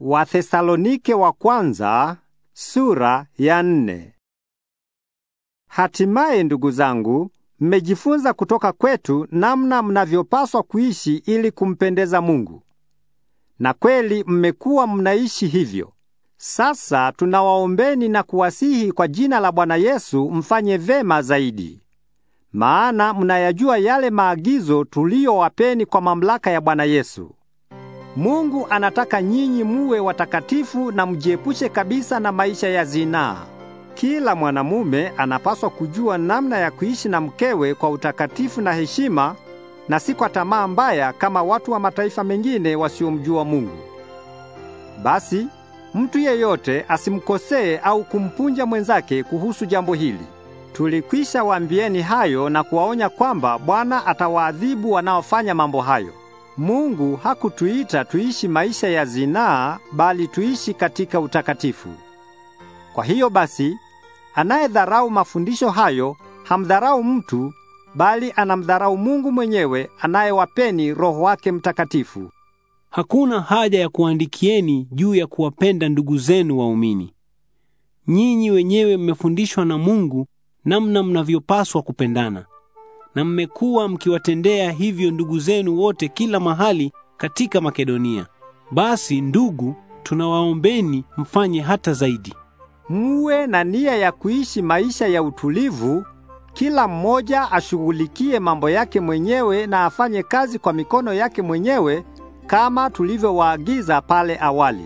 Wathesalonike wa kwanza sura ya nne. Hatimaye ndugu zangu, mmejifunza kutoka kwetu namna mnavyopaswa kuishi ili kumpendeza Mungu. Na kweli mmekuwa mnaishi hivyo. Sasa tunawaombeni na kuwasihi kwa jina la Bwana Yesu mfanye vema zaidi. Maana mnayajua yale maagizo tuliyowapeni kwa mamlaka ya Bwana Yesu. Mungu anataka nyinyi muwe watakatifu na mjiepushe kabisa na maisha ya zinaa. Kila mwanamume anapaswa kujua namna ya kuishi na mkewe kwa utakatifu na heshima na si kwa tamaa mbaya kama watu wa mataifa mengine wasiomjua Mungu. Basi mtu yeyote asimkosee au kumpunja mwenzake kuhusu jambo hili. Tulikwisha waambieni hayo na kuwaonya kwamba Bwana atawaadhibu wanaofanya mambo hayo. Mungu hakutuita tuishi maisha ya zinaa, bali tuishi katika utakatifu. Kwa hiyo basi, anayedharau mafundisho hayo hamdharau mtu, bali anamdharau Mungu mwenyewe anayewapeni Roho wake Mtakatifu. Hakuna haja ya kuandikieni juu ya kuwapenda ndugu zenu waumini. Nyinyi wenyewe mmefundishwa na Mungu namna mnavyopaswa kupendana na mmekuwa mkiwatendea hivyo ndugu zenu wote kila mahali katika Makedonia. Basi ndugu, tunawaombeni mfanye hata zaidi. Muwe na nia ya kuishi maisha ya utulivu, kila mmoja ashughulikie mambo yake mwenyewe na afanye kazi kwa mikono yake mwenyewe kama tulivyowaagiza pale awali.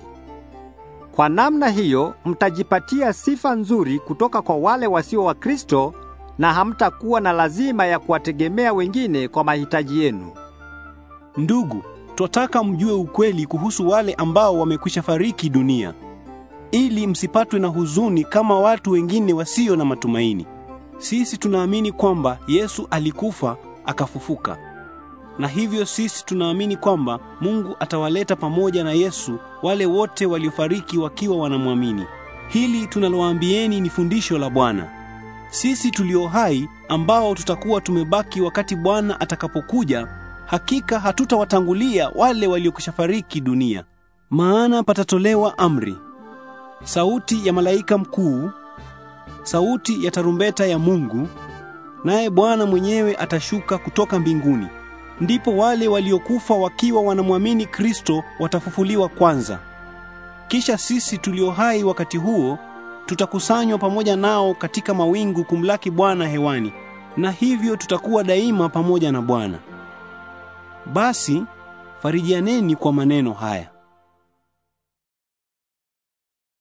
Kwa namna hiyo mtajipatia sifa nzuri kutoka kwa wale wasio wa Kristo na hamtakuwa na lazima ya kuwategemea wengine kwa mahitaji yenu. Ndugu, twataka mjue ukweli kuhusu wale ambao wamekwisha fariki dunia, ili msipatwe na huzuni kama watu wengine wasio na matumaini. Sisi tunaamini kwamba Yesu alikufa akafufuka, na hivyo sisi tunaamini kwamba Mungu atawaleta pamoja na Yesu wale wote waliofariki wakiwa wanamwamini. Hili tunalowaambieni ni fundisho la Bwana sisi tulio hai ambao tutakuwa tumebaki wakati Bwana atakapokuja, hakika hatutawatangulia wale waliokushafariki dunia. Maana patatolewa amri, sauti ya malaika mkuu, sauti ya tarumbeta ya Mungu, naye Bwana mwenyewe atashuka kutoka mbinguni. Ndipo wale waliokufa wakiwa wanamwamini Kristo watafufuliwa kwanza. Kisha sisi tulio hai wakati huo tutakusanywa pamoja nao katika mawingu kumlaki Bwana hewani, na hivyo tutakuwa daima pamoja na Bwana. Basi farijianeni kwa maneno haya.